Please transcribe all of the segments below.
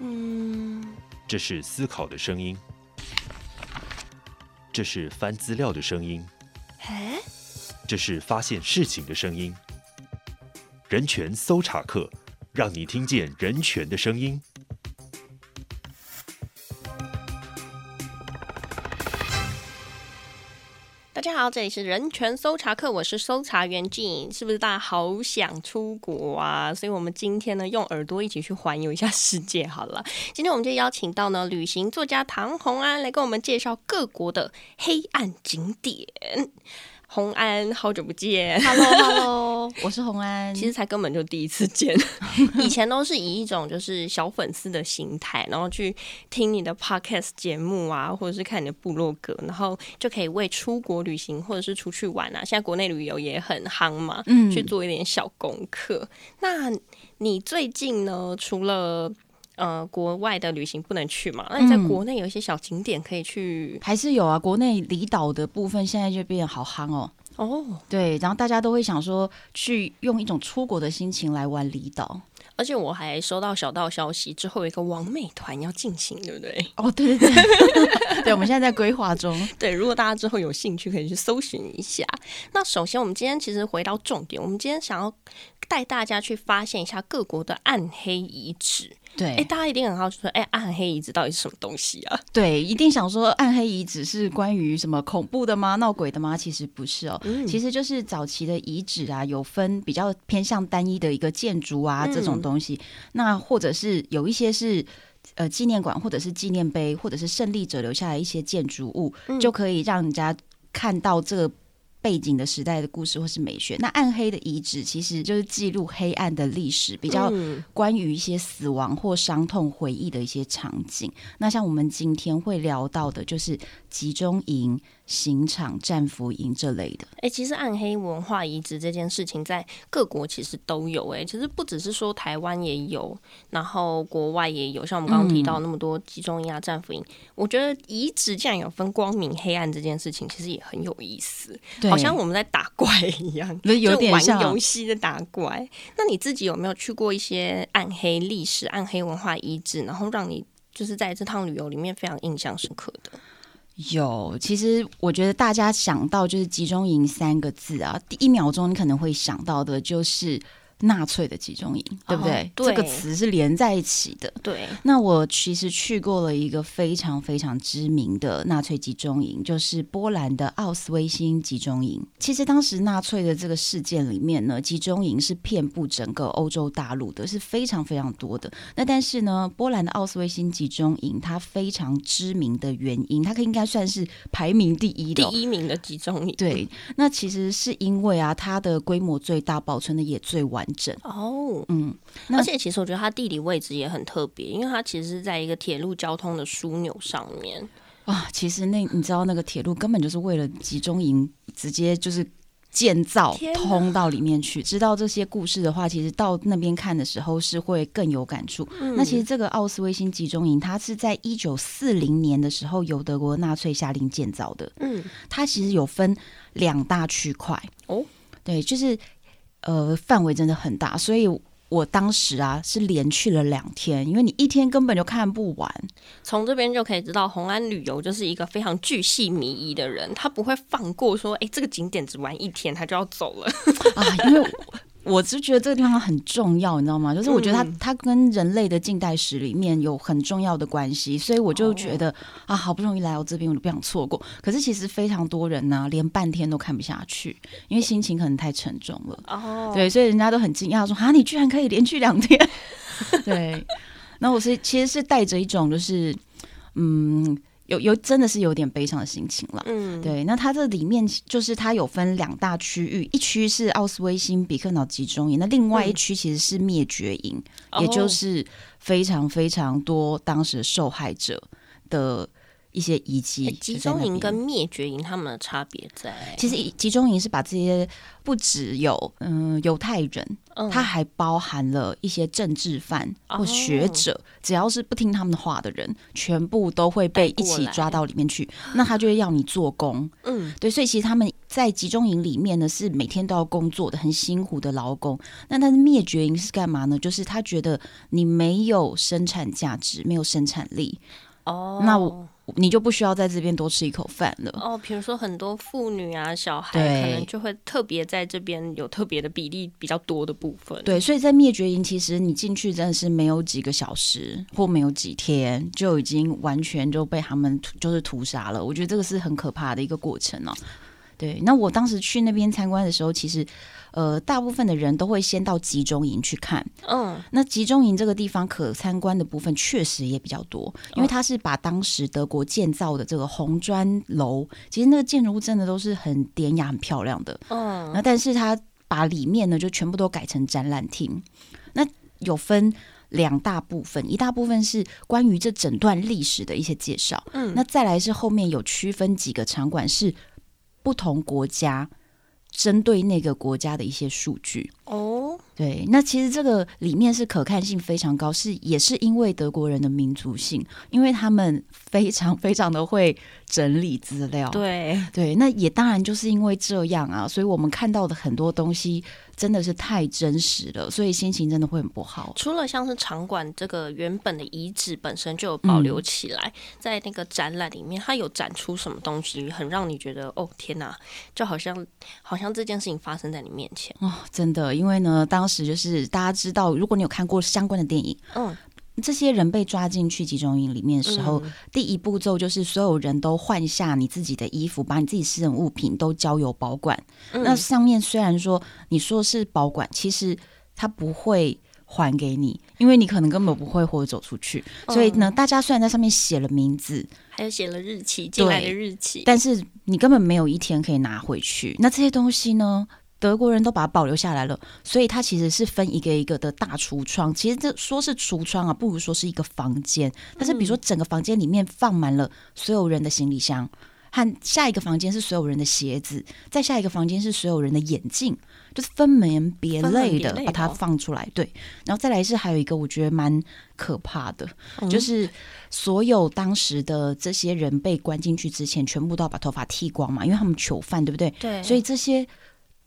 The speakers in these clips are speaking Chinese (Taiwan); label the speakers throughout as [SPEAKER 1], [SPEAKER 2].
[SPEAKER 1] 嗯，這是思考的聲音，這是翻資料的聲音，誒，這是發現事情的聲音。人權搜查課，讓你聽見人權的聲音。
[SPEAKER 2] 好，這裡是人權搜查課，我是搜查員 j。是不是大家好想出國啊？所以，我們今天呢，用耳朵一起去環遊一下世界。好了，今天我們就邀請到呢，旅行作家唐宏安來跟我們介紹各國的黑暗景點。宏安，好久不見。Hello，Hello
[SPEAKER 1] hello.。我是宏安，其實才根
[SPEAKER 2] 本就第一次見，以前都是以一種就是小粉絲的心態，然後去聽你的 podcast 節目啊，或者是看你的部落格，然後就可以為出國旅行或者是出去玩啊，現在國內旅遊也很夯嘛，去做一點小功課。嗯、那你最近呢？除了呃，國外的旅行不能去嘛，那你在國內有一些小景點可以去，嗯、
[SPEAKER 1] 還是有啊，國內離島的部分現在就變得好夯哦。哦，對，然後大家都會想說，去用一種出國的心情來玩離島。
[SPEAKER 2] 而且我還收到小道消息，之後有一個網美團要進行，對不對？哦，對對對， 對，我們現在在規劃中。 對，如果大家之後有興趣，可以去搜尋一下。那首先，我們今天其實回到重點，我們今天想要帶大家去發現一下各國的暗黑遺址。對，哎，大家一定很好奇，說，哎，暗黑遺址到底是什麼東西啊？
[SPEAKER 1] 對，一定想說，暗黑遺址是關於什麼恐怖的嗎？鬧鬼的嗎？其實不是哦，嗯、其實就是早期的遺址啊，有分比較偏向單一的一個建築啊，嗯、這種東西。東西，那或者是有一些是，呃，紀念館或者是紀念碑，或者是勝利者留下來一些建築物，就可以讓人家看到這個背景的時代的故事或是美學。那暗黑的遺址其實就是記錄黑暗的歷史，比較關於一些死亡或傷痛回憶的一些場景。那像我們今天會聊到的，就是。集中營、刑場、戰俘營這類的，哎、
[SPEAKER 2] 欸，其實暗黑文化遺址這件事情在各國其實都有、欸，哎,其實不只是說台灣也有，然後國外也有，像我們剛剛提到那麼多集中營啊、嗯、戰俘營，我覺得遺址竟然有分光明黑暗這件事情，其實也很有意思，對好像我們在打怪一樣，有點就玩遊戲在打怪。那你自己有沒有去過一些暗黑歷史、暗黑文化遺址，然後讓你就是在這趟旅遊裡面非常印象深刻的？
[SPEAKER 1] 有，其實我覺得大家想到就是集中營三個字啊，第一秒鐘你可能會想到的就是。納粹的集中營，哦、對不對？對，這個詞是連在一起的。對。那我其實去過了一個非常非常知名的納粹集中營，就是波蘭的奧斯威辛集中營。其實當時納粹的這個事件裡面呢，集中營是遍佈整個歐洲大陸的，是非常非常多的。那但是呢，波蘭的奧斯威辛集中營，它非常知名的原因，它應該算是排名第一的，哦，第一名的集中營。對。那其實是因為啊，它的規模最大，保存的也最完。哦，嗯，
[SPEAKER 2] 那而且其實我覺得它地理位置也很特別，因為它其實是在一個鐵路交通的樞紐上面。
[SPEAKER 1] 哇、啊，其實那你知道那個鐵路根本就是為了集中營直接就是建造哪通到裡面去。知道這些故事的話，其實到那邊看的時候是會更有感觸。嗯、那其實這個奧斯威辛集中營，它是在一九四零年的時候由德國納粹下令建造的。嗯，它其實有分兩大區塊。哦，對，就是。呃，範圍真的很大，所以我當時啊是連去了兩天，因為你一天根本就看不完。
[SPEAKER 2] 從這邊就可以知道，宏安旅遊就是一個非常巨細靡遺的人，他不會放過說，哎、欸，這個景點只玩一天，他就要走了 啊，因
[SPEAKER 1] 為。我是覺得這個地方很重要，你知道嗎？就是我覺得它它跟人類的近代史裡面有很重要的關係，所以我就覺得、嗯、啊，好不容易來到這邊，我就不想錯過。可是其實非常多人呢、啊，連半天都看不下去，因為心情可能太沉重了。哦、嗯，對，所以人家都很驚訝說啊，你居然可以連續兩天。 對，那我是其實是帶着一種就是嗯。有有真的是有點悲傷的心情了，嗯，對。那它這裡面就是它有分兩大區域，一區是奧斯威辛比克瑙集中營，那另外一區其實是滅絕營，嗯、也就是非常非常多當時的受害者的。一些遺跡，集中營跟
[SPEAKER 2] 滅絕營他們的差別在，
[SPEAKER 1] 其實集中營是把這些不只有嗯、呃、猶太人，嗯、他還包含了一些政治犯或學者，只要是不聽他們的話的人，全部都會被一起抓到裡面去。過那他就會要你做工，嗯，對。所以其實他們在集中營裡面呢，是每天都要工作的，很辛苦的勞工。那他的滅絕營是幹嘛呢？就是他覺得你沒有生產價值，沒有生產力哦，那我。你就不需要在這邊多吃一口飯了
[SPEAKER 2] 哦。比如說很多婦女啊、小孩，可能就會特別在這邊有特別的比例比較多的部分。對，
[SPEAKER 1] 所以在滅絕營，其實你進去真的是沒有幾個小時或沒有幾天，就已經完全就被他們就是屠殺了。我覺得這個是很可怕的一個過程哦。對，那我當時去那邊參觀的時候，其實，呃，大部分的人都會先到集中營去看。嗯，那集中營這個地方可參觀的部分確實也比較多，因為它是把當時德國建造的這個紅磚樓，其實那個建築物真的都是很典雅、很漂亮的。嗯，那但是它把裡面呢就全部都改成展覽廳，那有分兩大部分，一大部分是關於這整段歷史的一些介紹。嗯，那再來是後面有區分幾個場館是。不同國家針對那個國家的一些數據哦，對，那其實這個裡面是可看性非常高，是也是因為德國人的民族性，因為他們非常非常的會整理資料，對對，那也當然就是因為這樣啊，所以我們看到的很多東西。真的是太真實了，所以心情真的會很不好啊。
[SPEAKER 2] 除了像是場館這個原本的遺址本身就有保留起來，嗯，在那個展覽裡面，它有展出什麼東西，很讓你覺得哦，天哪，就好像好像這件事情發生在你面前
[SPEAKER 1] 哦，真的，因為呢，當時就是大家知道，如果你有看過相關的電影，嗯。這些人被抓進去集中營裡面的時候，嗯、第一步驟就是所有人都換下你自己的衣服，把你自己私人物品都交由保管。嗯、那上面雖然說你說是保管，其實他不會還給你，因為你可能根本不會活着走出去。嗯、所以呢，大家雖然在上面寫了名字，
[SPEAKER 2] 還有寫了日期，進來的日期，但是
[SPEAKER 1] 你根本沒有一天可以拿回去。那這些東西呢？德國人都把它保留下來了，所以它其實是分一個一個的大櫥窗。其實這說是櫥窗啊，不如說是一個房間。但是比如說整個房間裡面放滿了所有人的行李箱，和下一個房間是所有人的鞋子，再下一個房間是所有人的眼鏡，就是分門別類的，類的把它放出來。對，然後再來是還有一個我覺得蠻可怕的，就是所有當時的這些人被關進去之前，全部都要把頭髮剃光嘛，因為他們囚犯，對不對？對，所以這些。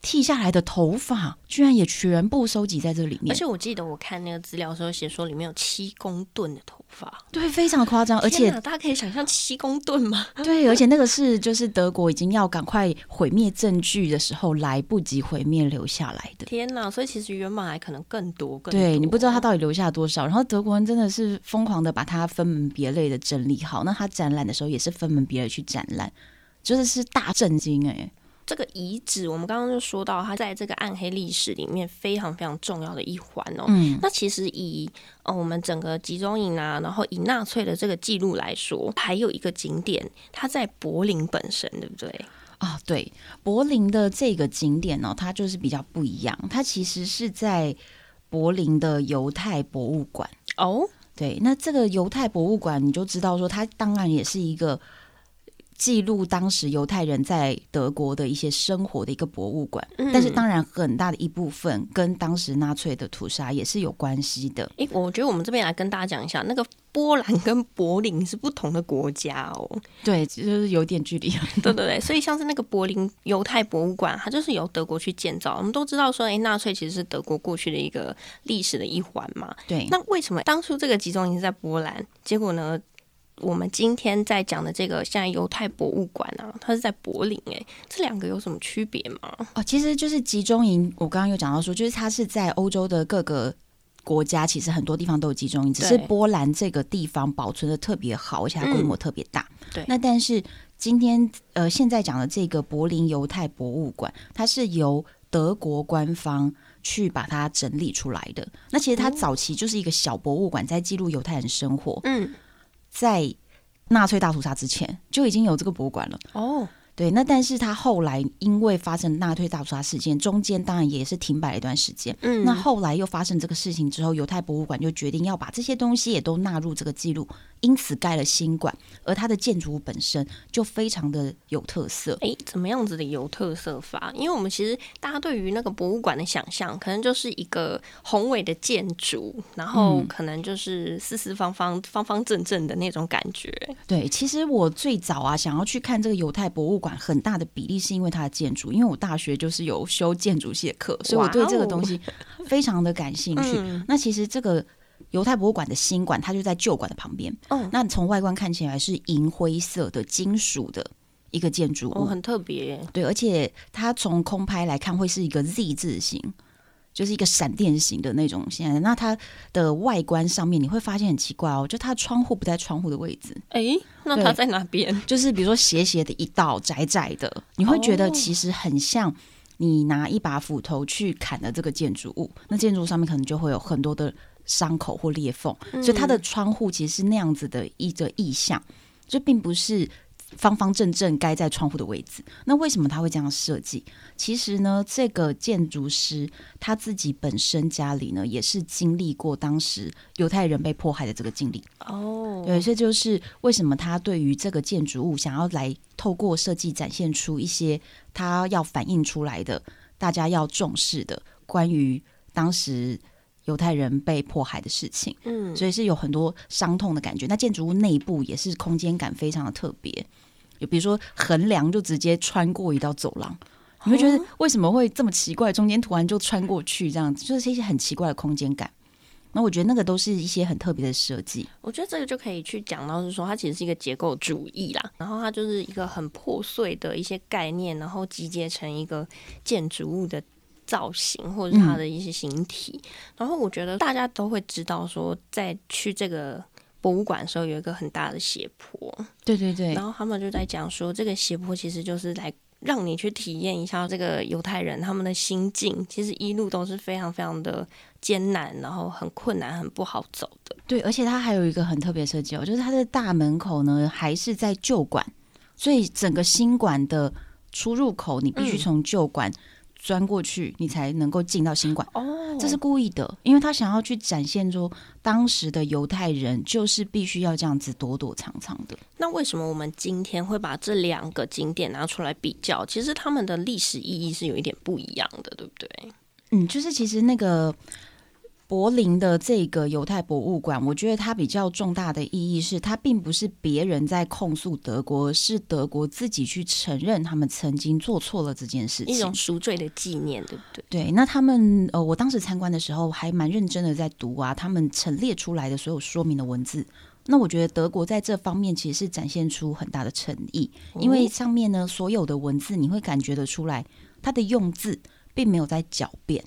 [SPEAKER 1] 剃下來的頭髮居然也全部收集在這裡面，而且我
[SPEAKER 2] 記得我看那個資料的時候寫說裡面有七公噸的頭髮，
[SPEAKER 1] 對，非常誇張。天哪，而且大
[SPEAKER 2] 家可以想象七公噸嗎？對，而且那
[SPEAKER 1] 個是就是德國已經要趕快毀滅證據的時候來不及毀滅留下來
[SPEAKER 2] 的。天哪！所以其實原本還可能更多更多，對，你
[SPEAKER 1] 不知道他到底留下多少。然後德國人真的是瘋狂的把它分門別類的整理好，那他展覽的時候也是分門別類去展覽，真的是大震驚哎。
[SPEAKER 2] 這個遺址，我們剛剛就說到它在這個暗黑歷史裡面非常非常重要的一環哦。嗯，那其實以呃、哦、我們整個集中營啊，然後以納粹的這個記
[SPEAKER 1] 錄來說，還有一個景點，它在柏林本身，對不對？啊、哦，對，柏林的這個景點呢、哦，它就是比較不一樣，它其實是在柏林的猶太博物館哦。對，那這個猶太博物館，你就知道說，它當然也是一個。記錄當時猶太人在德國的一些生活的一個博物館，嗯、但是當然很大的一部分跟當時納粹的屠殺也是有關係的。
[SPEAKER 2] 哎、欸，我覺得我們這邊來跟大家講一下，那個波蘭跟柏林是不同的國家哦。對，就是有點距離，對對，對。所以像是那個柏林猶太博物館，它就是由德國去建造。我們都知道說，哎、欸，納粹其實是德國過去的一個歷史的一環嘛。對。那為什麼當初這個集中營是在波蘭？結果呢？我們今天在講的這個，像猶太博物館啊，它是在柏林哎、欸，這兩個有什麼區別嗎？
[SPEAKER 1] 哦，其實就是集中營。我剛剛有講到說，就是它是在歐洲的各個國家，其實很多地方都有集中營，對只是波蘭這個地方保存的特別好，而且它規模特別大。對、嗯。那但是今天呃，現在講的這個柏林猶太博物館，它是由德國官方去把它整理出來的。那其實它早期就是一個小博物館，在記錄猶太人生活。哦、嗯。在納粹大屠殺之前，就已經有這個博物館了。哦。Oh. 對，那但是他後來因為發生納粹大屠殺事件，中間當然也是停擺了一段時間。嗯，那後來又發生這個事情之後，猶太博物館就決定要把這些東西也都納入這個記錄，因此蓋了新館。而它的建築物本身就非常的有特色。
[SPEAKER 2] 哎，怎麼樣子的有特色法？因為我們其實大家對於那個博物館的想象，可能就是一個宏偉的建築，然後可能就是四四方方、方方正正的那種
[SPEAKER 1] 感覺。嗯，對，其實我最早啊，想要去看這個猶太博物館。館很大的比例是因為它的建築，因為我大學就是有修建築系的課，所以我對這個東西非常的感興趣。Wow 嗯、那其實這個猶太博物館的新館，它就在舊館的旁邊。嗯，那從外觀看起來是銀灰色的金屬的一個建築物，oh, 很
[SPEAKER 2] 特別。
[SPEAKER 1] 對，而且它從空拍來看會是一個 Z 字形。就是一個閃電型的那種線，那它的外觀上面你會發現很奇怪哦，就它窗戶不在窗戶的位置，誒、欸，那它在哪邊？對就是比如說斜斜的一道窄窄的，你會覺得其實很像你拿一把斧頭去砍了這個建築物，哦、那建築上面可能就會有很多的傷口或裂縫，嗯、所以它的窗戶其實是那樣子的一個意象，就並不是。方方正正蓋在窗戶的位置，那為什麼他會這樣設計？其實呢，這個建築師他自己本身家裡呢，也是經歷過當時猶太人被迫害的這個經歷。
[SPEAKER 2] 哦、oh.，對，
[SPEAKER 1] 所以就是為什麼他對於這個建築物想要來透過設計展現出一些他要反映出來的，大家要重視的關於當時。猶太人被迫害的事情，嗯，所以是有很多傷痛的感覺。嗯、那建築物內部也是空間感非常的特別，就比如說橫樑就直接穿過一道走廊，嗯、你會覺得為什麼會這麼奇怪？中間突然就穿過去這樣子，就是一些很奇怪的空間感。那我覺得那個都是一些很特別的設計。
[SPEAKER 2] 我覺得這個就可以去講到是說，它其實是一個結構主義啦，然後它就是一個很破碎的一些概念，然後集結成一個建築物的。造型，或者他的一些形體，嗯、然後我覺得大家都會知道，說在去這個博物館的時候有一個很大的斜坡，
[SPEAKER 1] 對對對。然後他
[SPEAKER 2] 們就在講說，這個斜坡其實就是來讓你去體驗一下這個猶太人他們的心境，其實一路都是非常非常的艱難，然後很困難、很不好走的。
[SPEAKER 1] 對，而且它還有一個很特別設計哦，就是它的大門口呢還是在舊館，所以整個新館的出入口你必須從舊館。嗯鑽過去，你才能夠進到新館。哦，oh, 這是故意的，因為他想要去展現說當時的猶太人就是必須要這樣子躲躲藏藏的。
[SPEAKER 2] 那為什麼我們今天會把這兩個景點拿出來比較？其實他們的歷史意義是有一點不一樣的，對不對？
[SPEAKER 1] 嗯，就是其實那個。柏林的這個猶太博物館，我覺得它比較重大的意義是，它並不是別人在控訴德國，是德國自己去承認他們曾經做錯了這件事情。一種贖罪的紀念，對不對？對。那他們呃，我當時參觀的時候還蠻認真的在讀啊，他們陳列出來的所有說明的文字。那我覺得德國在這方面其實是展現出很大的誠意，因為上面呢所有的文字，你會感覺得出來，它的用字並沒有在狡辯。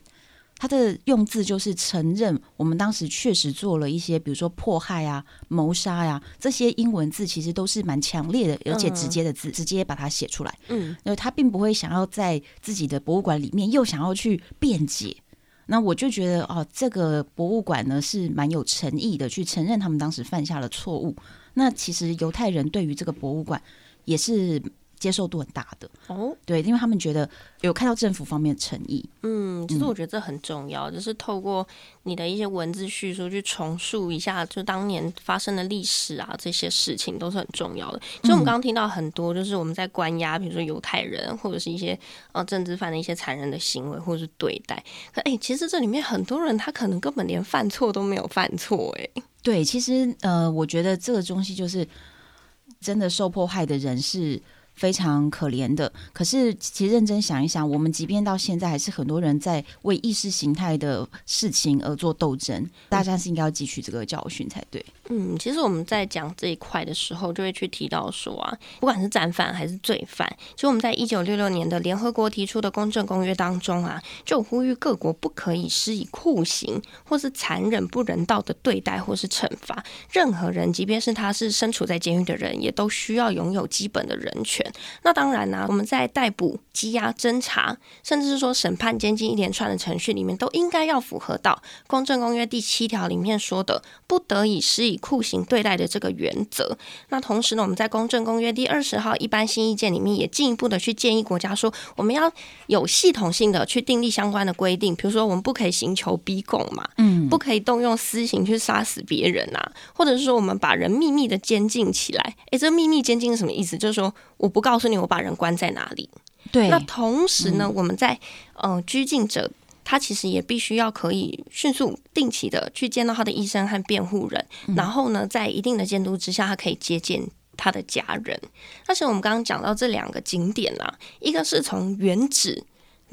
[SPEAKER 1] 他的用字就是承認，我們當時確實做了一些，比如說迫害啊、謀殺啊，這些英文字其實都是蠻強烈的，而且直接的字，直接把它寫出來。嗯，因為他並不會想要在自己的博物館裡面又想要去辯解。那我就覺得，哦，這個博物館呢是蠻有誠意的，去承認他們當時犯下了錯誤。那其實猶太人對於這個博物館也是。接受度很大的哦，對，因為他們覺得有看到政府方面的誠意。
[SPEAKER 2] 嗯，其實我覺得這很重要，嗯、就是透過你的一些文字敘述去重塑一下，就當年發生的歷史啊，這些事情都是很重要的。所以我們剛剛聽到很多，就是我們在關押，比如說猶太人，或者是一些呃政治犯的一些殘忍的行為或者是對待。哎、欸，其實這裡面很多人他可能根本連犯錯都沒有犯錯、欸。哎，
[SPEAKER 1] 對，其實呃，我覺得這個東西就是真的受迫害的人是非常可憐的，可是其實認真想一想，我們即便到現在，還是很多人在為意識形態的事情而做鬥爭。大家是應該要汲取這個教訓才對。
[SPEAKER 2] 嗯，其實我們在講這一塊的時候，就會去提到說啊，不管是戰犯還是罪犯，其實我們在一九六六年的聯合國提出的《公正公約》當中啊，就呼籲各國不可以施以酷刑或是殘忍不人道的對待或是懲罰任何人，即便是他是身處在監獄的人，也都需要擁有基本的人權。那當然呢、啊，我們在逮捕、羈押、偵查，甚至是說審判、監禁一連串的程序裡面，都應該要符合到《公政公約》第七條裡面說的“不得已施以酷刑對待”的這個原則。那同時呢，我們在《公政公約》第二十號一般性意見裡面，也進一步的去建議國家說，我們要有系統性的去訂立相關的規定，比如說我們不可以刑求逼供嘛，嗯，不可以動用私刑去殺死別人吶、啊，或者是說我們把人秘密的監禁起來。哎、欸，這秘密監禁是什麼意思？就是說我，不告訴你我把人關在哪裡。對，那同時呢，嗯、我們在嗯、呃，拘禁者他其實也必須要可以迅速定期的去見到他的醫生和辯護人，嗯、然後呢，在一定的監督之下，他可以接見他的家人。但是我們剛剛講到這兩個景點啊，一個是從原址。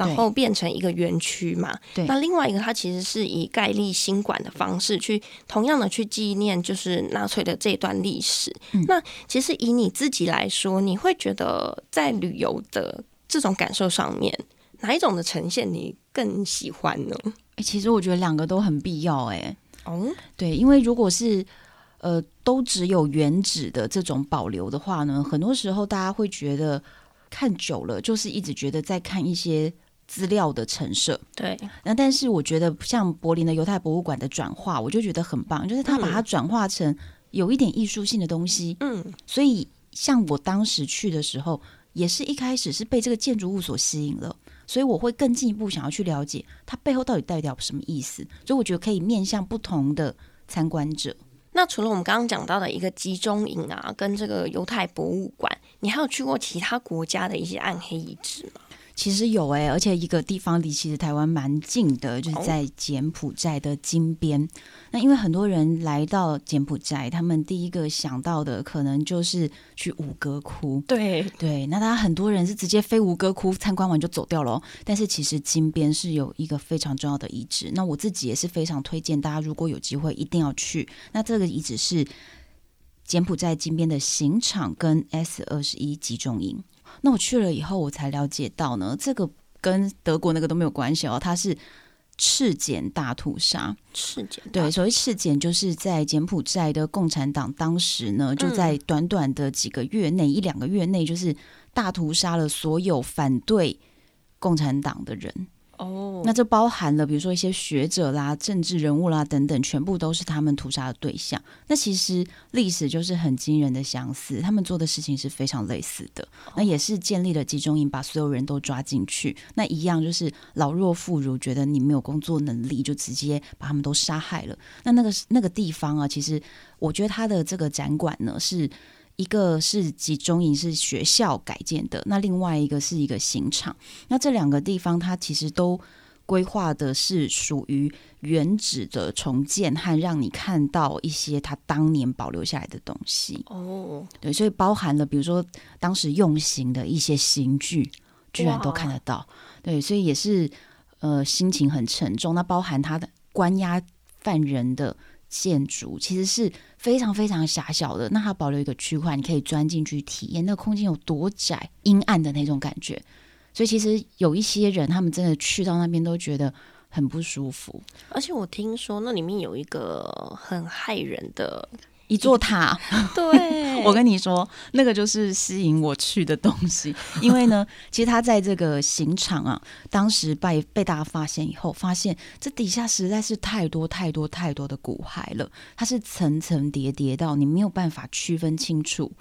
[SPEAKER 2] 然後變成一個園區嘛？對那另外一個，它其實是以蓋立新館的方式去同樣的去紀念，就是納粹的這段歷史。嗯、那其實以你自己來說，你會覺得在旅遊的這種感
[SPEAKER 1] 受上面，哪一種的呈現你更喜歡呢？欸、其實我覺得兩個都很必要哎、欸。哦，對，因為如果是呃，都只有原址的這種保留的話呢，很多時候大家會覺得看久了，就是一直覺得在看一些資料的陳設，對。那但是我覺得，像柏林的猶太博物館的轉化，我就覺得很棒，就是他把它轉化成有一點藝術性的東西。嗯，嗯，所以像我當時去的時候，也是一開始是被這個建築物所吸引了，所以我會更進一步想要去了解它背後到底代表什麼意思。所以我覺得可以面向不同的參觀者。
[SPEAKER 2] 那除了我們剛剛講到的一個集中營啊，跟這個猶太博物館，你還有去過其他國家的一些暗黑遺址嗎？
[SPEAKER 1] 其實有哎、欸，而且一個地方離其實台灣蠻近的，就是在柬埔寨的金邊。哦、那因為很多人來到柬埔寨，他們第一個想到的可能就是去吳哥窟。對對，那大家很多人是直接飛吳哥窟參觀完就走掉了。但是其實金邊是有一個非常重要的遺址，那我自己也是非常推薦大家，如果有機會一定要去。那這個遺址是柬埔寨金邊的刑場跟 S 二十一集中營。那我去了以後，我才了解到呢，這個跟德國那個都沒有關係哦、啊，它是赤柬大屠殺。赤柬。對，所謂赤柬，就是在柬埔寨的共產黨當時呢，就在短短的幾個月內，嗯、一兩個月內，就是大屠殺了所有反對共產黨的人。哦，那就包含了比如說一些學者啦、政治人物啦等等，全部都是他們屠殺的對象。那其實歷史就是很驚人的相似，他們做的事情是非常類似的。那也是建立了集中營，把所有人都抓進去。那一樣就是老弱婦孺，覺得你沒有工作能力，就直接把他們都殺害了。那那個那個地方啊，其實我覺得他的這個展館呢是。一個是集中營，是學校改建的；那另外一個是一個刑場。那這兩個地方，它其實都規劃的是屬於原址的重建和讓你看到一些它當年保留下來的東西。哦，oh. 對，所以包含了比如說當時用刑的一些刑具，居然都看得到。Oh. 對，所以也是呃心情很沉重。那包含它的關押犯人的。建築其實是非常非常狹小的，那它保留一個區塊，你可以鑽進去體驗，那個空間有多窄、陰暗的那種感覺。所以其實有一些人，他們真的去到那邊都覺得很不舒服。
[SPEAKER 2] 而且我聽說那裡面有一個很駭人的一座塔，
[SPEAKER 1] 對， 我跟你說，那個就是吸引我去的東西。因為呢，其實他在這個刑場啊，當時被被大家發現以後，發現這底下實在是太多太多太多的骨骸了，它是層層疊疊到你沒有辦法區分清楚。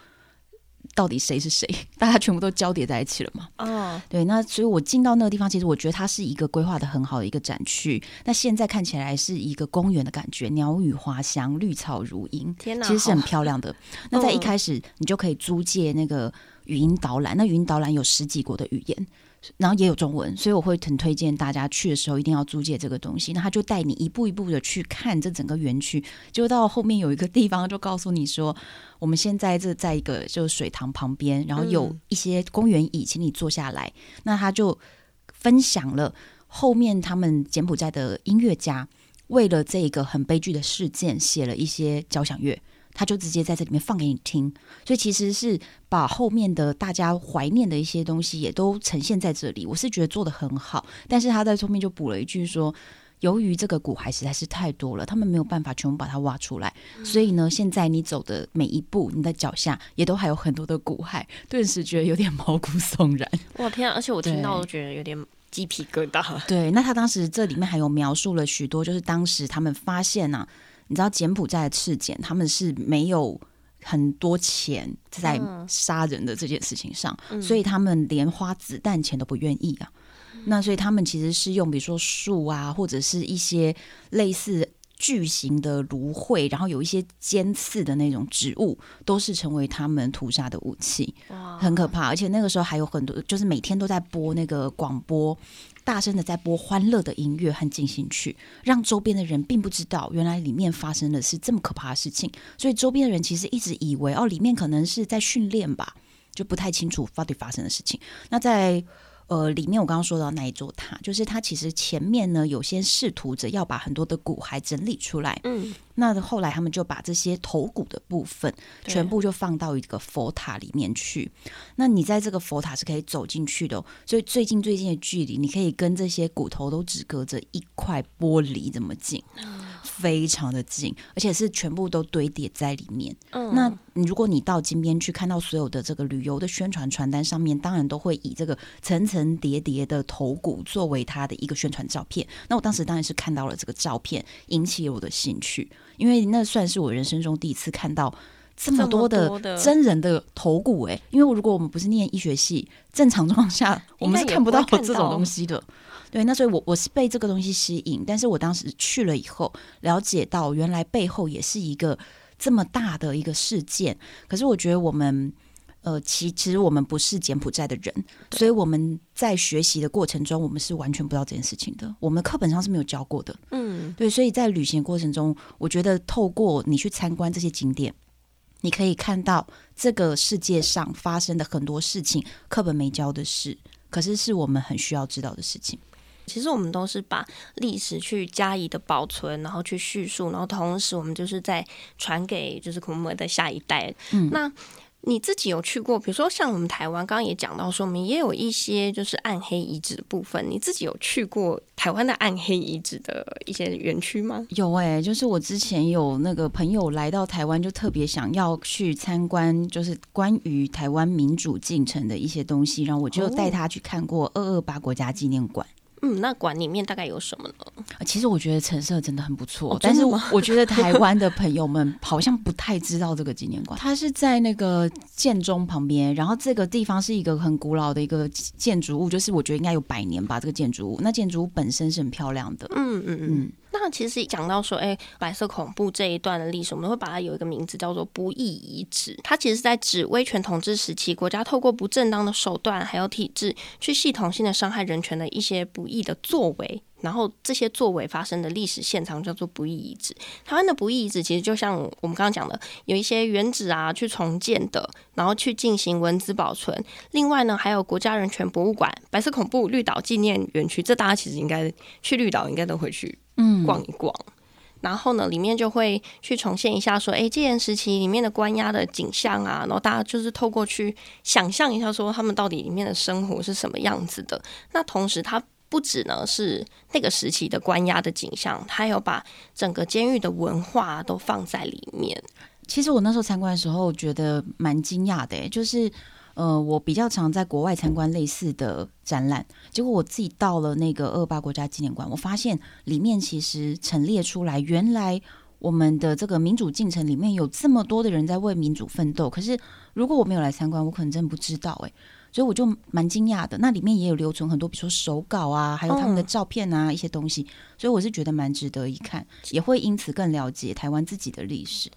[SPEAKER 1] 到底誰是誰？大家全部都交疊在一起了嘛？哦，對，那所以，我進到那個地方，其實我覺得它是一個規劃的很好的一個展區。那現在看起來是一個公園的感覺，鳥語花香，綠草如茵，天哪，其實是很漂亮的。哦，那在一開始，你就可以租借那個語音導覽，那語音導覽有十幾國的語言。然後也有中文，所以我會很推薦大家去的時候一定要租借這個東西。那他就帶你一步一步的去看這整個園區，就到後面有一個地方就告訴你說，我們現在這在一個就是水塘旁邊，然後有一些公園椅，請你坐下來。嗯、那他就分享了後面他們柬埔寨的音樂家為了這個很悲劇的事件寫了一些交響樂。他就直接在這裡面放給你聽，所以其實是把後面的大家懷念的一些東西也都呈現在這裡。我是覺得做得很好，但是他在後面就補了一句說：“由於這個骨骸實在是太多了，他們沒有辦法全部把它挖出來，嗯、所以呢，現在你走的每一步，你的腳下也都還有很多的骨骸。”頓時覺得有點毛骨悚然。
[SPEAKER 2] 哇天、啊！而且我聽到都覺得有點雞皮疙瘩。對,
[SPEAKER 1] 對，那他當時這裡面還有描述了許多，就是當時他們發現呢、啊。你知道柬埔寨的赤柬，他們是沒有很多錢在殺人的這件事情上，嗯嗯嗯，所以他們連花子彈錢都不願意啊。那所以他們其實是用比如說樹啊，或者是一些類似巨型的蘆薈，然後有一些尖刺的那種植物，都是成為他們屠殺的武器。很可怕！而且那個時候還有很多，就是每天都在播那個廣播。大聲的在播歡樂的音樂和進行曲，讓周邊的人並不知道原來裡面發生的是這麼可怕的事情，所以周邊的人其實一直以為哦，裡面可能是在訓練吧，就不太清楚到底發生的事情。那在。呃，裡面我剛剛說到那一座塔，就是它其實前面呢，有些試圖着要把很多的骨骸整理出來。嗯，那後來他們就把這些頭骨的部分全部就放到一個佛塔裡面去。對那你在這個佛塔是可以走進去的哦，所以最近最近的距離，你可以跟這些骨頭都只隔着一塊玻璃這麼近。非常的近，而且是全部都堆疊在裡面。嗯，那如果你到金邊去看到所有的這個旅遊的宣傳傳單上面，當然都會以這個層層疊疊的頭骨作為他的一個宣傳照片。那我當時當然是看到了這個照片，引起了我的興趣，因為那算是我人生中第一次看到
[SPEAKER 2] 這麼多的真人
[SPEAKER 1] 的頭骨欸。哎，因為如果我們不是念醫學系，正常狀況下我們是看不到這種東西的。對，那所以我，我我是被這個東西吸引，但是我當時去了以後，了解到原來背後也是一個這麼大的一個事件。可是我覺得我們，呃，其其實我們不是柬埔寨的人，所以我們在學習的過程中，我們是完全不知道這件事情的。我們課本上是沒有教過的，嗯，對。所以在旅行過程中，我覺得透過你去參觀這些景點，你可以看到這個世界上發生的很多事情，課本沒教的事，可是是我們很需要知道的事情。
[SPEAKER 2] 其實我們都是把歷史去加以的保存，然後去敘述，然後同時我們就是在傳給就是我們的下一代。嗯、那你自己有去過，比如說像我們台灣，剛剛也講到，說我們也有一些就是暗黑遺址的部分。你自己有去過台灣的暗黑遺址的一些園區嗎？
[SPEAKER 1] 有哎、欸，就是我之前有那個朋友來到台灣，就特別想要去參觀，就是關於台灣民主進程的一些東西，然後我就帶他去看過二二八國家紀念館。
[SPEAKER 2] 嗯，那館裡面大概有什麼呢？
[SPEAKER 1] 其實我覺得陳設真的很不錯，哦、但是嗎？但是我覺得台灣的朋友們好像不太知道這個紀念館。 它是在那個建中旁邊，然後這個地方是一個很古老的一個建築物，就是我覺得應該有百年吧。這個建築物，那建築物本身是很漂亮的。嗯嗯嗯。
[SPEAKER 2] 嗯那其實講到說，誒，白色恐怖這一段的歷史，我們會把它有一個名字叫做“不義遺址”。它其實是在指威權統治時期，國家透過不正當的手段，還有體制，去系統性的傷害人權的一些不義的作為。然後這些作為發生的歷史現場叫做“不義遺址”。台灣的不義遺址其實就像我們剛剛講的，有一些原址啊去重建的，然後去進行文資保存。另外呢，還有國家人權博物館、白色恐怖綠島紀念園區，這大家其實應該去綠島應該都會去。逛一逛，然後呢，裡面就會去重現一下說，哎，這段時期裡面的關押的景象啊，然後大家就是透過去想象一下，說他們到底裡面的生活是什麼樣子的。那同時，它不止呢是那個時期的關押的景象，它還有把整個監獄的文化都放在裡面。
[SPEAKER 1] 其實我那時候參觀的時候，覺得蠻驚訝的、欸，就是。呃，我比較常在國外參觀類似的展覽，結果我自己到了那個二二八國家紀念館，我發現裡面其實陳列出來，原來我們的這個民主進程裡面有這麼多的人在為民主奮鬥。可是如果我沒有來參觀，我可能真的不知道哎、欸，所以我就蠻驚訝的。那裡面也有留存很多，比如說手稿啊，還有他們的照片啊，一些東西，所以我是覺得蠻值得一看，也會因此更了解台灣自己的歷史。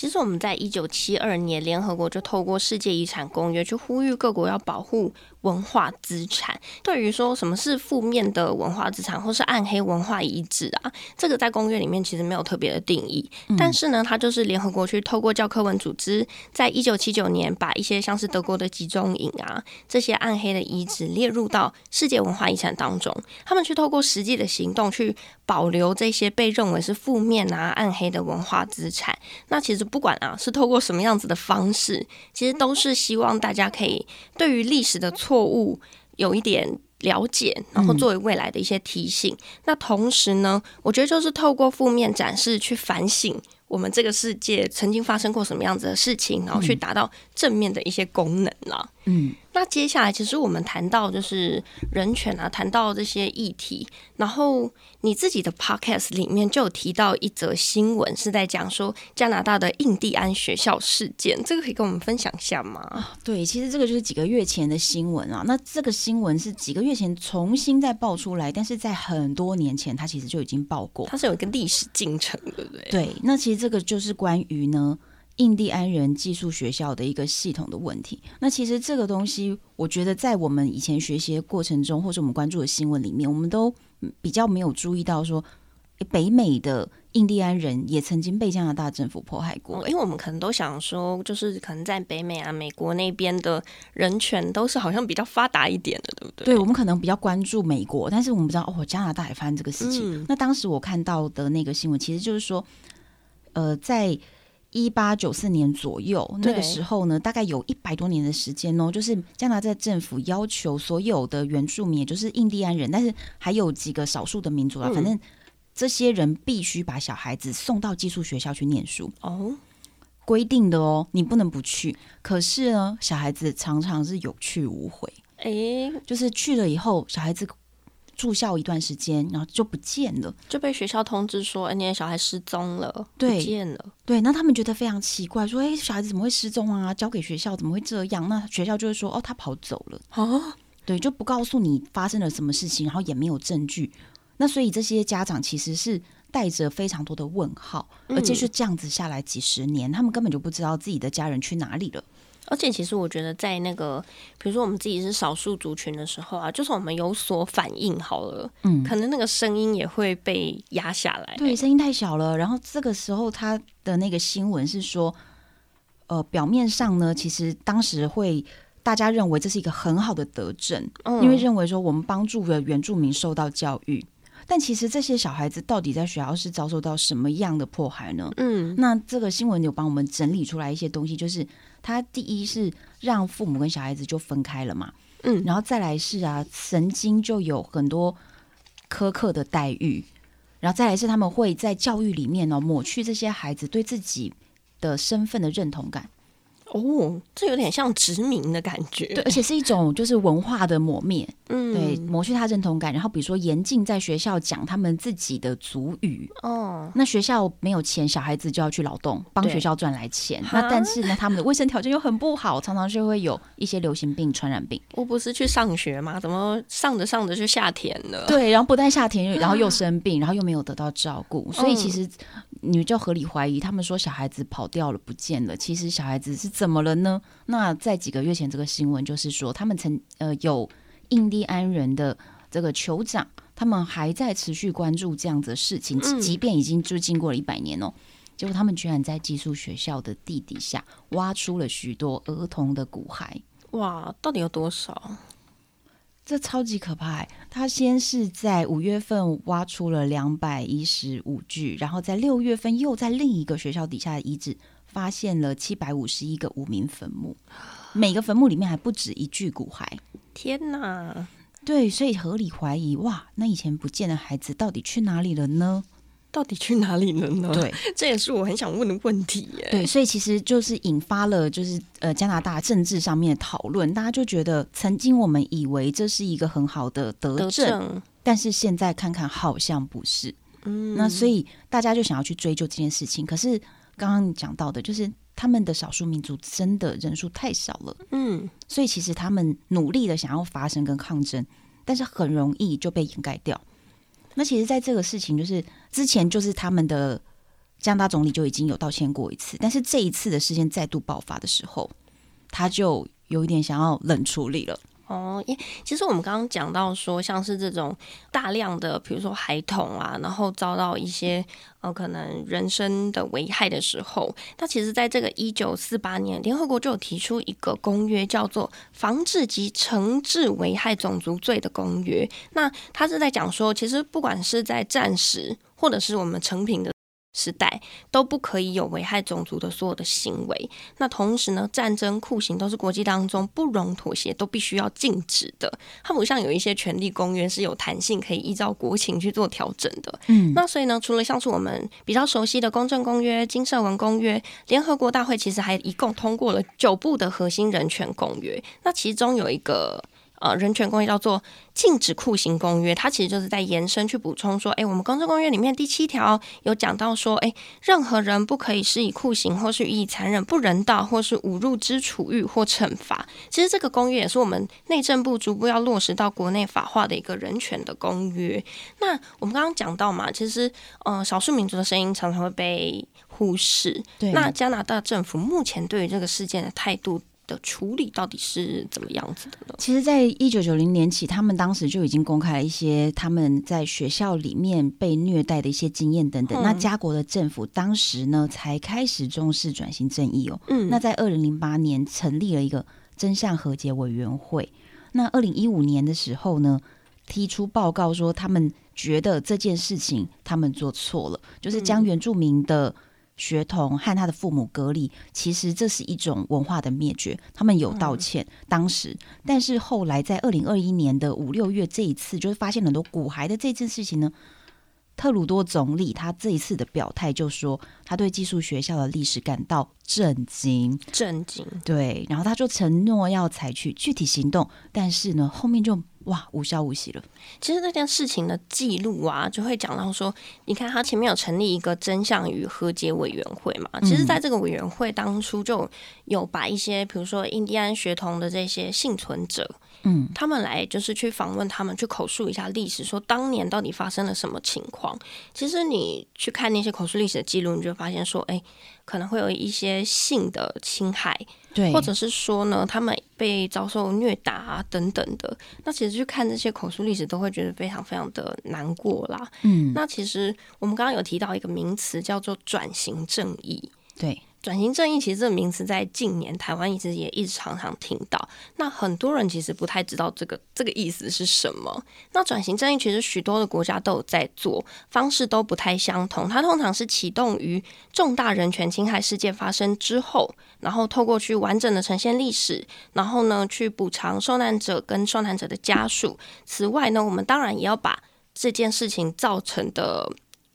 [SPEAKER 2] 其實我們在一九七二年，聯合國就透過《世界遺產公約》去呼籲各國要保護。文化資產對於說什麼是負面的文化資產，或是暗黑文化遺址啊，這個在公約裡面其實沒有特別的定義。嗯、但是呢，它就是聯合國去透過教科文組織，在一九七九年把一些像是德國的集中營啊這些暗黑的遺址列入到世界文化遺產當中。他們去透過實際的行動去保留這些被認為是負面啊暗黑的文化資產。那其實不管啊是透過什麼樣子的方式，其實都是希望大家可以對於歷史的。錯誤有一點了解，然後作為未來的一些提醒。嗯、那同時呢，我覺得就是透過負面展示去反省我們這個世界曾經發生過什麼樣子的事情，然後去達到正面的一些功能了。嗯嗯，那接下來其實我們談到就是人權啊，談到這些議題，然後你自己的 podcast 裡面就有提到一則新聞，是在講說加拿大的印地安學校事件，這個可以跟我們分
[SPEAKER 1] 享一下嗎？啊、對，其實這個就是幾個月前的新聞啊。那這個新聞是幾個月前重新再爆出來，但是在很多年前，它其實就已經爆過，它是有一個歷史
[SPEAKER 2] 進程，對不對？對，
[SPEAKER 1] 那其實這個就是關於呢。印第安人寄宿學校的一個系統的問題。那其實這個東西，我覺得在我們以前學習的過程中，或者我們關注的新聞裡面，我們都比較沒有注意到說，說北美的印第安人也曾經被加拿大政府迫害過。因為
[SPEAKER 2] 我們可能都想說，就是可能在北美啊，美國那邊的人權都是好像比較發達一點的，對不對？對，
[SPEAKER 1] 我們可能比較關注美國，但是我們不知道哦，加拿大也發生這個事情。嗯、那當時我看到的那個新聞，其實就是說，呃，在。一八九四年左右，對那個時候呢，大概有一百多年的時間哦，就是加拿大政府要求所有的原住民，也就是印第安人，但是還有幾個少數的民族啦，嗯、反正這些人必須把小孩子送到寄宿學校去念書哦，規定的哦，你不能不去。可是呢，小孩子常常是有去無回，誒、哎，就是去了以後，小孩子。住校一段時間，然後就不見了，就被學校通知說，哎、欸，你的小孩失蹤了，對，不見了，對。那他們覺得非常奇怪，說，哎、欸，小孩子怎麼會失蹤啊？交給學校怎麼會這樣？那學校就會說，哦，他跑走了，哦蛤，對，就不告訴你發生了什麼事情，然後也沒有證據。那所以這些家長其實是帶着非常多的問號，而且就這樣子下來幾十年，嗯、他們根本就不知道自己的家人去哪裡了。
[SPEAKER 2] 而且，其實我覺得，在那個比如說我們自己是少數族群的時候啊，就算我們有所反應好了，嗯，可能那個聲音也會被壓下來欸，
[SPEAKER 1] 對，聲音太小了，然後這個時候，他的那個新聞是說，呃，表面上呢，其實當時會大家認為這是一個很好的德政，嗯。因為認為說我們幫助了原住民受到教育。但其實這些小孩子到底在學校是遭受到什麼樣的迫害呢？嗯，那這個新聞有幫我們整理出來一些東西，就是他第一是讓父母跟小孩子就分開了嘛，嗯，然後再來是啊，曾經就有很多苛刻的待遇，然後再來是他們會在教育裡面呢抹去這些孩子對自己的身份的認同感。哦，這有點像殖民的感覺，對，而且是一種就是文化的抹滅，嗯，對，抹去他認同感。然後比如說嚴禁在學校講他們自己的族語，哦，那學校沒有錢，小孩子就要去勞動，幫學校賺來錢。那但是呢，他們的衛生條件又很不好，常常就會有一些流行病、傳染病。我不是去上學嗎？怎麼上着
[SPEAKER 2] 上着就下田了？對，
[SPEAKER 1] 然後不但下田，然後又生病，啊、然後又沒有得到照顧。所以其實你就合理懷疑，他們說小孩子跑掉了不見了，其實小孩子是。怎麼了呢？那在幾個月前，這個新聞就是說，他們曾呃有印第安人的這個酋長，他們還在持續關注這樣子的事情，即，即便已經就經過了一百年哦，嗯。結果他們居然在寄宿學校的地底下挖出了許多兒童的骨骸。哇，到底有多少？這超級可怕欸！他先是在五月份挖出了兩百一十五具，然後在六月份又在另一個學校底下的遺址。發現了七百五十一個無名墳墓，每個墳墓裡面還不止一具骨骸。天哪！對，所以合理懷疑，哇，那以前不見的孩子到底去哪裡了呢？到底去哪裡了呢？對，
[SPEAKER 2] 這也是我很想問的問題耶。對，
[SPEAKER 1] 所以其實就是引發了就是呃加拿大政治上面的討論，大家就覺得曾經我們以為這是一個很好的德政，德政，但是現在看看好像不是。
[SPEAKER 2] 嗯，那所
[SPEAKER 1] 以大家就想要去追究這件事情，可是。剛剛講到的，就是他們的少數民族真的人數太少了，嗯，所以其實他們努力的想要發聲跟抗爭，但是很容易就被掩蓋掉。那其實，在這個事情就是之前就是他們的加拿大總理就已經有道歉過一次，但是這一次的事件再度爆發的時候，他就有一點想要冷處理了。
[SPEAKER 2] 哦，因、oh, yeah. 其實我們剛剛講到說，像是這種大量的，比如說孩童啊，然後遭到一些呃可能人身的危害的時候，那其實在這個一九四八年，聯合國就有提出一個公約，叫做《防治及懲治危害種族罪的公約》。那他是在講說，其實不管是在戰時，或者是我們成品的。時代都不可以有危害種族的所有的行為。那同時呢，戰爭酷刑都是國際當中不容妥協、都必須要禁止的。它不像有一些權利公約是有彈性，可以依照國情去做調整的。嗯，那所以呢，除了像是我們比較熟悉的《公政公約》、《經社文公約》，聯合國大會其實還一共通過了九部的核心人權公約。那其中有一個。呃，人權公約叫做《禁止酷刑公約》，它其實就是在延伸去補充說，誒、欸，我們《公政公約》裡面第七條有講到說，誒、欸，任何人不可以施以酷刑，或是予以殘忍、不人道，或是侮辱之處遇或懲罰。其實這個公約也是我們內政部逐步要落實到國內法化的一個人權的公約。那我們剛剛講到嘛，其實呃，少數民族的聲音常常會被忽視。對那加拿大政府目前對於這個事件的態度？的處理到底是怎麼樣子的
[SPEAKER 1] 呢？其實，在一九九零年起，他們當時就已經公開了一些他們在學校裡面被虐待的一些經驗等等。嗯、那加國的政府當時呢，才開始重視轉型正義哦、喔。嗯，那在二零零八年成立了一個真相和解委員會。那二零一五年的時候呢，提出報告說，他們覺得這件事情他們做錯了，嗯、就是將原住民的。學童和他的父母隔離，其實這是一種文化的滅絕。他們有道歉，嗯、當時，但是後來在二零二一年的五六月，這一次就是發現很多骨骸的這件事情呢，特魯多總理他這一次的表態就說，他對寄宿學校的歷史感到震驚，震驚。對，然後他就承諾要採取具體行動，但是呢，後面就。哇，無消無息了。
[SPEAKER 2] 其實這件事情的記錄啊，就會講到說，你看他前面有成立一個真相與和解委員會嘛，其實在這個委員會當初就有把一些，比如說印第安學童的這些倖存者。嗯，他們來就是去訪問他們，去口述一下歷史，說當年到底發生了什麼情況。其實你去看那些口述歷史的記錄，你就發現說，哎、欸，可能會有一些性的侵害，對，或者是說呢，他們被遭受虐打、啊等等的。那其實去看這些口述歷史，都會覺得非常非常的難過啦。嗯，那其實我們剛剛有提到一個名詞，叫做轉型正義。對。轉型正義其實這個名詞在近年台灣一直也一直常常聽到，那很多人其實不太知道這個這個意思是什麼。那轉型正義其實許多的國家都有在做，方式都不太相同。它通常是啟動於重大人權侵害事件發生之後，然後透過去完整的呈現歷史，然後呢，去補償受難者跟受難者的家屬。此外呢，我們當然也要把這件事情造成的。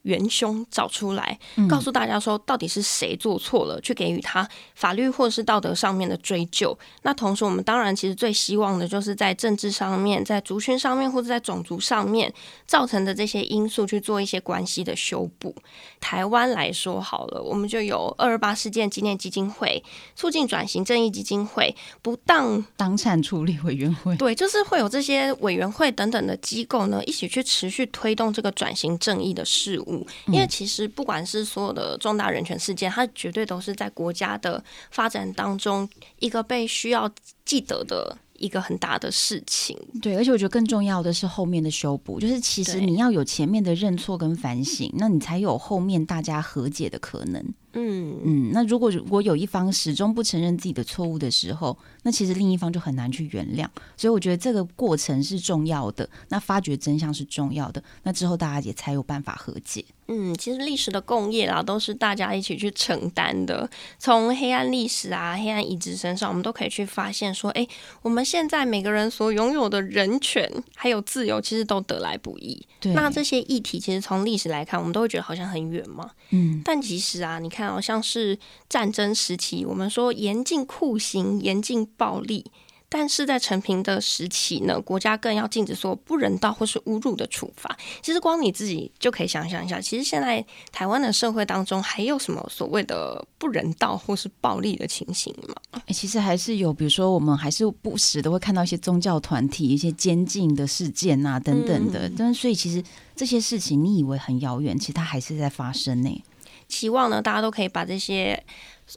[SPEAKER 2] 元兇找出來，告訴大家說到底是誰做錯了，嗯、去給予他法律或是道德上面的追究。那同時，我們當然其實最希望的就是在政治上面、在族群上面或者在種族上面造成的這些因素去做一些關係的修補。台灣來說好了，我們就有二二八事件紀念基金會、促進轉型正義基金會、不
[SPEAKER 1] 當黨產處理委員會，
[SPEAKER 2] 對，就是會有這些委員會等等的機構呢，一起去持續推動這個轉型正義的事務。因為其實不管是所有的重大人權事件，它絕對都是在國家的發展當中一個被需要記得的一個很大的事情。
[SPEAKER 1] 嗯、對，而且我覺得更重要的是後面的修補，就是其實你要有前面的認錯跟反省，對那你才有後面大家和解的可能。嗯嗯，那如果如果有一方始終不承認自己的錯誤的時候，那其實另一方就很難去原諒。所以我覺得這個過程是重要的，那發掘真相是重要的，那之後大家也才有辦法和解。嗯，
[SPEAKER 2] 其實歷史的共業啊，都是大家一起去承擔的。從黑暗歷史啊、黑暗遺址身上，我們都可以去發現說，哎，我們現在每個人所擁有的人權還有自由，其實都得來不易。對，那這些議題其實從歷史來看，我們都會覺得好像很遠嘛。嗯，但其實啊，你看。好像是戰爭時期，我們說嚴禁酷刑、嚴禁暴力，但是在承平的時期呢，國家更要禁止說不人道或是侮辱的處罰。其實光你自己就可以想象一下，其實現在台灣的社會當中，還有什麼所謂的不人道或是暴力的情形嗎？
[SPEAKER 1] 欸，其實還是有，比如說我們還是不時的會看到一些宗教團體一些監禁的事件啊等等的。但、嗯、所以其實這些事情，你以為很遙遠，其實它還是在發生呢、欸。
[SPEAKER 2] 希望呢，大家都可以把這些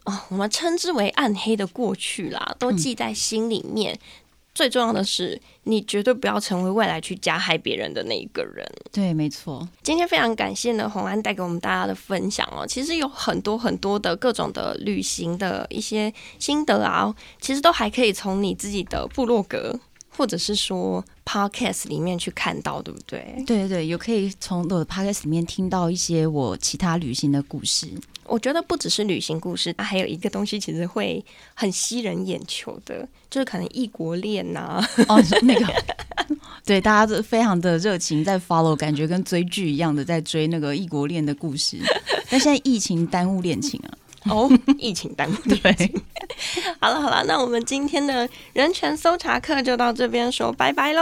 [SPEAKER 2] 哦，我們稱之為暗黑的過去啦，都記在心裡面。嗯、最重要的是，你絕對不要成為未來去加害別人的那一
[SPEAKER 1] 個人。對，沒錯。
[SPEAKER 2] 今天非常感謝呢，宏安帶給我們大家的分享哦。其實有很多很多的各種的旅行的一些心得啊，其實都還可以從你自己的部落格。或者是說 podcast 裡面去看到，對不
[SPEAKER 1] 對？對對對，有可以從我的 podcast 裡面聽到一些我其他旅行的故事。
[SPEAKER 2] 我覺得不只是旅行故事，啊，還有一個東西其實會很吸人眼球的，就是可能異國戀吶、啊。 哦，那個，
[SPEAKER 1] 對，大家都非常的熱情在 follow，感覺跟追劇一樣的在追那個異國戀的故事。 但現在疫情耽誤戀情啊。哦，疫
[SPEAKER 2] 情耽誤 對， 好了好了，那我們今天的人權搜查課就到這邊說拜拜嘍。